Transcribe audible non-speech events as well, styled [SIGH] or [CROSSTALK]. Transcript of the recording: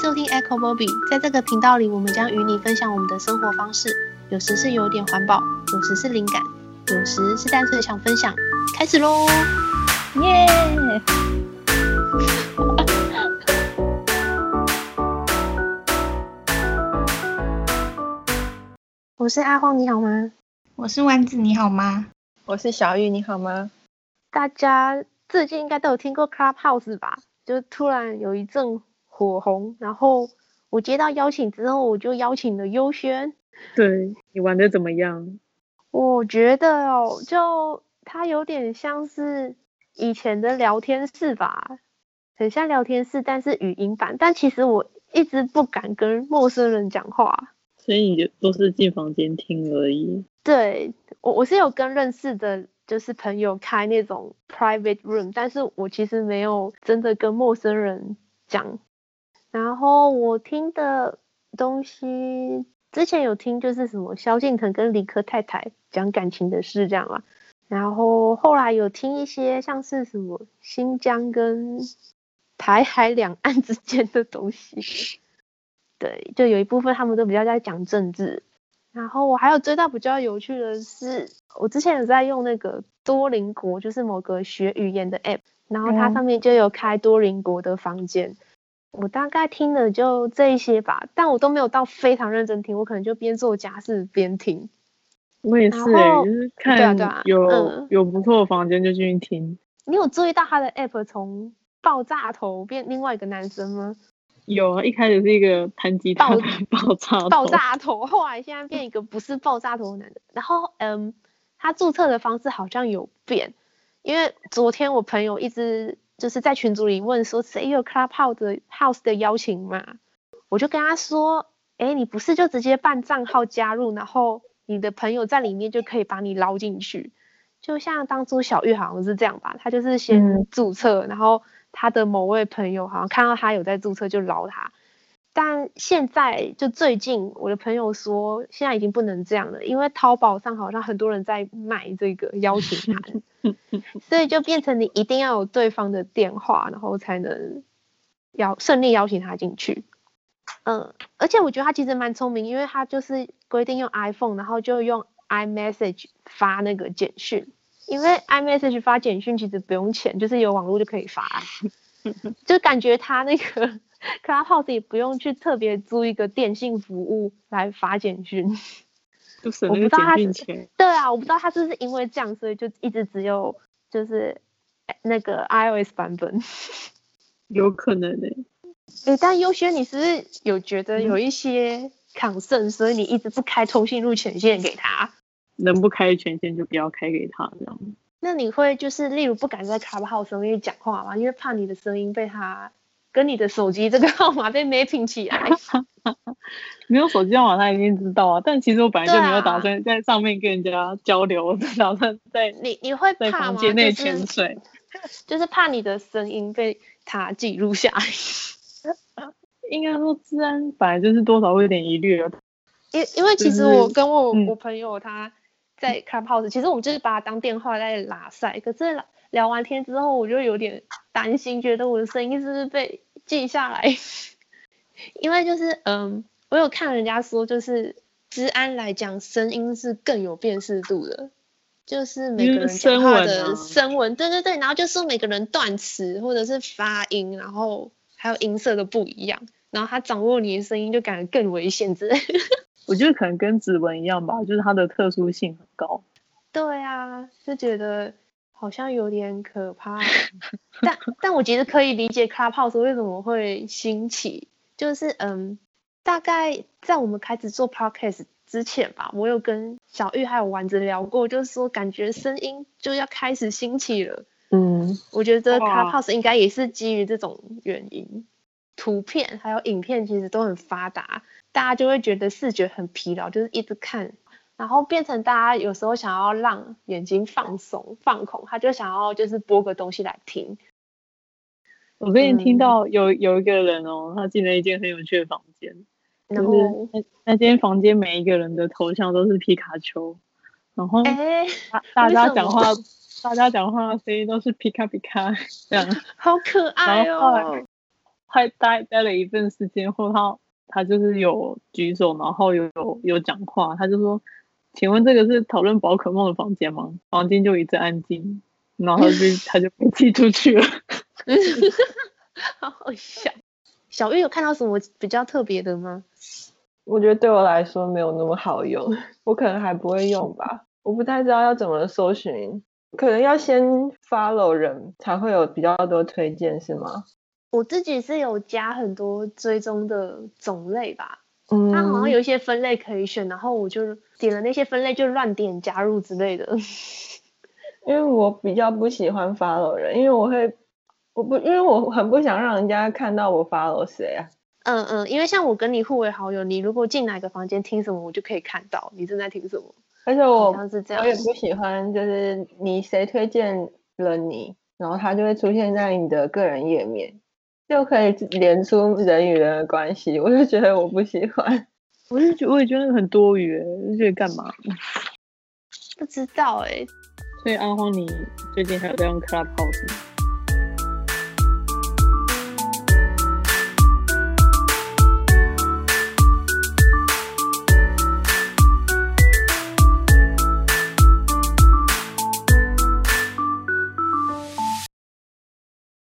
收聽，聽 Echo Bobby，在這個頻道裡，我們將與你分享我們的生活方式。有時是有點環保，有時是靈感，有時是單純想分享。開始嘍，耶、yeah! [LAUGHS] 我是阿荒，你好嗎？我是丸子，你好嗎？我是小玉，你好嗎？大家最近應該都有聽過 Clubhouse 吧？就突然有一陣。火紅，然後我接到邀請之後，我就邀請了優軒。對，你玩得怎麼樣？我覺得哦，就它有點像是以前的聊天室吧，很像聊天室，但是語音版。但其實我一直不敢跟陌生人講話，所以你就都是進房間聽而已。對，我我是有跟認識的就是朋友開那種 private room，但是我其實沒有真的跟陌生人講。然後我聽的東西，之前有聽就是什麼蕭敬騰跟理科太太講感情的事這樣啦、啊，然後後來有聽一些像是什麼新疆跟台海兩岸之間的東西，對，就有一部分他們都比較在講政治。然後我還有追到比較有趣的是，我之前有在用那個多鄰國，就是某個學語言的 app，然後它上面就有開多鄰國的房間。嗯我大概聽了就這一些吧，但我都沒有到非常認真聽，我可能就邊做家事邊聽。我也是、欸，對啊，對啊有、嗯、有不錯的房間就進去聽。你有注意到他的 app 從爆炸頭變另外一個男生嗎？有，一開始是一個彈吉他爆，爆炸頭，爆炸頭，後來現在變一個不是爆炸頭的男的。然後，嗯，他註冊的方式好像有變，因為昨天我朋友一直。就是在群組裡問說誰有 Clubhouse 的邀請嘛，我就跟他說，誒、欸、你不是就直接辦賬號加入，然後你的朋友在裡面就可以把你撈進去，就像當初小玉好像是這樣吧，他就是先註冊，嗯、然後他的某位朋友好像看到他有在註冊就撈他。但現在就最近，我的朋友說現在已經不能這樣了，因為淘寶上好像很多人在賣這個邀請函， [LAUGHS] 所以就變成你一定要有對方的電話，然後才能邀順利邀請他進去。嗯，而且我覺得他其實蠻聰明，因為他就是規定用 iPhone，然後就用 iMessage 發那個簡訊，因為 iMessage 發簡訊其實不用錢，就是有網絡就可以發， [LAUGHS] 就感覺他那個。Clubhouse 也不用去特別租一個電信服務來發簡訊，就省那個簡訊錢。對啊，我不知道他是不是因為這樣，所以就一直只有就是那個 iOS 版本。有可能誒、欸。誒，但優先，你是不是有覺得有一些抗性，所以你一直不開通訊錄權限給他。能不開權限就不要開給他這樣。那你會就是例如不敢在 Clubhouse 上面講話嗎？因為怕你的聲音被他。跟你的手機這個號碼被 mapping 起來。 [LAUGHS] 沒有手機號碼，他已經知道啊。但其實我本來就沒有打算在上面跟人家交流，啊、打算在你，你會怕嗎？潛水，就是就是怕你的聲音被他記錄下來 [LAUGHS] 應該說，治安本來就是多少會有點疑慮了。因因為其實我跟我、就是嗯、我朋友他在 clubhouse，其實我們就是把他當電話在拉塞，可是。聊完天之後，我就有點擔心，覺得我的聲音是不是被記下來？ [LAUGHS] 因為就是，嗯，我有看人家說，就是資安來講，聲音是更有辨識度的，就是每個人講話的聲紋，聲啊、對對對，然後就說每個人斷詞或者是發音，然後還有音色都不一樣，然後他掌握你的聲音就感覺更危險之類。 [LAUGHS] 我覺得可能跟指紋一樣吧，就是它的特殊性很高。對啊，就覺得。好像有點可怕， [LAUGHS] 但但我其實可以理解 Clubhouse 為什麼會興起，就是嗯，大概在我們開始做 Podcast 之前吧，我有跟小玉還有丸子聊過，就是說感覺聲音就要開始興起了，嗯，我覺得 Clubhouse 應該也是基於這種原因，哇圖片還有影片其實都很發達，大家就會覺得視覺很疲勞，就是一直看。然後變成大家有時候想要讓眼睛放鬆、放空，他就想要就是播個東西來聽。我最近聽到有有一個人哦，他進了一間很有趣的房間，嗯、就是那，後那間房間每一個人的頭像都是皮卡丘，然後誒大家講話，大家講話的聲音都是皮卡皮卡這樣，好可愛哦。然後待待了一段時間後，他他就是有舉手，然後有有有講話，他就說。請問這個是討論寶可夢的房間嗎？房間就一直安靜，然後他就 [LAUGHS] 他就被踢出去了 [LAUGHS] 好像。好笑。小玉有看到什麼比較特別的嗎？我覺得對我來說沒有那麼好用，我可能還不會用吧。我不太知道要怎麼搜尋，可能要先 follow 人才會有比較多推薦是嗎？我自己是有加很多追蹤的種類吧。嗯，他好像有一些分類可以選，嗯、然後我就點了那些分類就亂點加入之類的。因為我比較不喜歡 follow 人，因為我會，我不，因為我很不想讓人家看到我 follow 誰啊。嗯嗯，因為像我跟你互為好友，你如果進哪個房間聽什麼，我就可以看到你正在聽什麼。而且我，我也不喜歡，就是你誰推薦了你，然後他就會出現在你的個人頁面。又可以連出人與人的關係，我就覺得我不喜歡，我就覺我也覺得很多餘，這是幹嘛？不知道哎、欸。所以阿芳，你最近還有在用 Clubhouse 嗎？